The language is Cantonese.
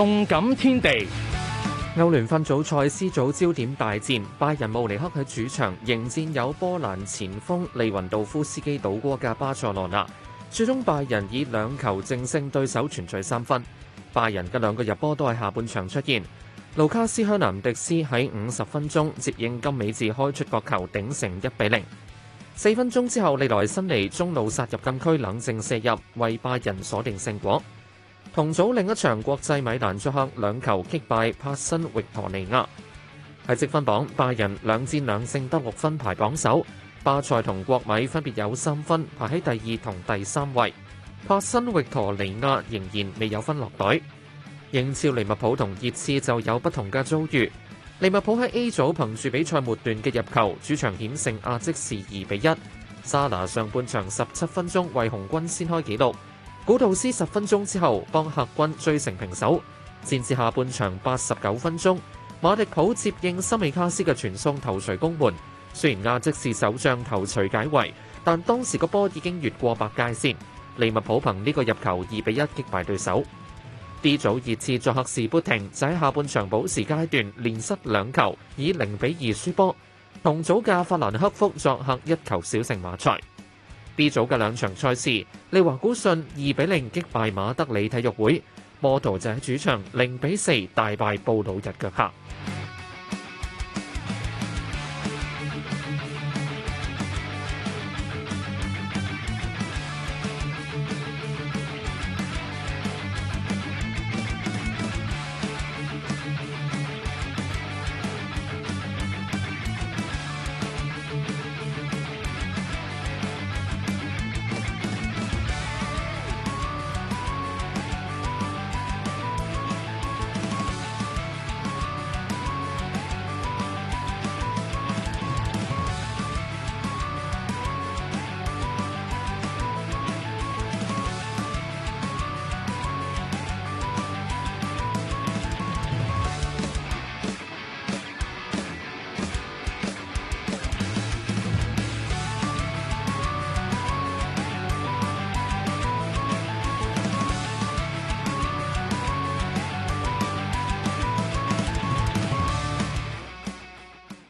動感天地，歐聯分組賽 C 組焦點大戰，拜仁慕尼黑喺主場迎戰有波蘭前鋒利雲道夫斯基倒戈嘅巴塞羅那，最終拜仁以兩球淨勝對手，全取三分。拜仁嘅兩個入波都係下半場出現，盧卡斯香南迪斯喺五十分鐘接應金美治開出角球頂成一比零，四分鐘之後利萊辛尼中路殺入禁區冷靜射入，為拜仁鎖定勝果。同組另一場國際米蘭作客兩球擊敗帕辛域陀尼亞。喺積分榜，拜仁兩戰兩勝得六分排榜首，巴塞同國米分別有三分排喺第二同第三位。帕辛域陀尼亞仍然未有分落袋。英超利物浦同熱刺就有不同嘅遭遇。利物浦喺 A 組憑住比賽末段嘅入球，主場險勝阿積士二比一。沙拿上半場十七分鐘為紅軍先開紀錄。古道斯十分鐘之後幫客軍追成平手，戰至下半場八十九分鐘，馬迪普接應森美卡斯嘅傳送頭槌攻門，雖然亞積士守將頭槌解圍，但當時個波已經越過白界線，利物浦憑呢個入球二比一擊敗對手。D 組熱刺作客士砵亭就喺下半場補時階段連失兩球，以零比二輸波。同組嘅法蘭克福作客一球小勝馬賽。B 組嘅兩場賽事，利華古遜二比零擊敗馬德里體育會，波圖就喺主場零比四大敗布魯日腳下。